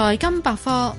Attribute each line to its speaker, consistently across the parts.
Speaker 1: 財金百科。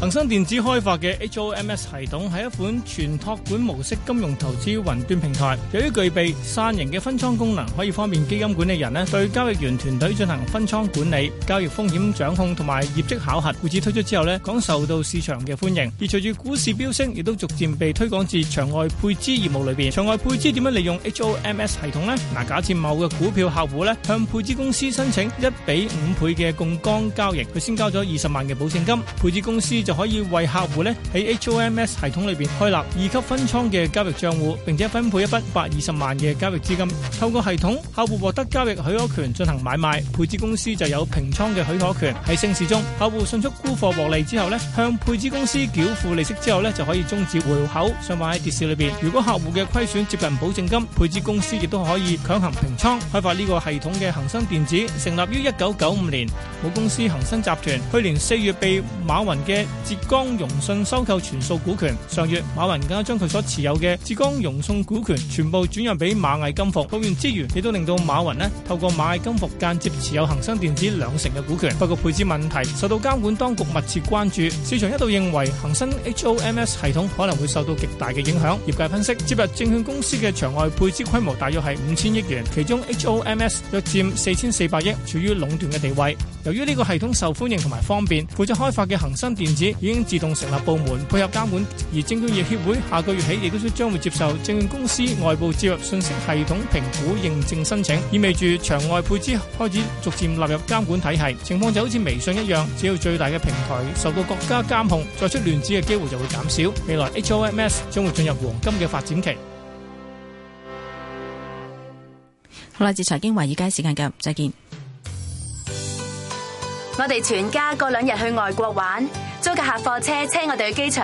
Speaker 1: 恒生電子開發嘅 HOMS 系統係一款全託管模式金融投資雲端平台，由於具備散型嘅分倉功能，可以方便基金管理人咧對交易員團隊進行分倉管理、交易風險掌控同埋業績考核。故此推出之後咧，講受到市場嘅歡迎，而隨住股市飆升，亦都逐漸被推廣至場外配資業務裏邊。場外配資點樣利用 HOMS 系統呢？嗱，假設某嘅股票客戶向配資公司申請一比五倍嘅槓桿交易，佢先交咗二十萬嘅保證金，配資公司就可以為客戶咧喺 HOMS 系統裏邊開立二級分倉嘅交易賬戶，並且分配一筆百二十萬嘅交易資金。透過系統，客戶獲得交易許可權進行買賣，配資公司就有平倉嘅許可權。喺升市中，客戶迅速沽貨獲利之後呢，向配資公司繳付利息之後呢，就可以終止回口，上划喺跌市裏邊。如果客戶嘅虧損接近保證金，配資公司亦都可以強行平倉。開發呢個系統嘅恒生電子成立於一九九五年，母公司恒生集團去年四月被馬雲嘅。浙江融信收購全數股權，上月馬雲更加將佢所持有嘅浙江融信股權全部轉讓俾螞蟻金服。多元資源亦都令到馬雲呢透過螞蟻金服間接持有恒生電子兩成嘅股權。不過配置問題受到監管當局密切關注，市場一度認為恒生 HOMS 系統可能會受到極大嘅影響。業界分析，接入證券公司嘅場外配置規模大約係五千億元，其中 HOMS 約佔四千四百億，處於壟斷嘅地位。由於呢個系統受歡迎同埋方便，負責開發嘅恒生電子。已經自動成立部門配合監管，而證券業協會下個月起亦都將會接受證券公司外部接入信息系統評估認證申請，意味住場外配資開始逐漸納入監管體系。情況就好似微信一樣，只要最大嘅平台受到國家監控，再出亂子嘅機會就會減少。未來 HOMS 將會進入黃金嘅發展期。好啦，自財經華爾街時間嘅再見。我哋全家過兩日去外國玩。租架客貨車，車我哋去機場。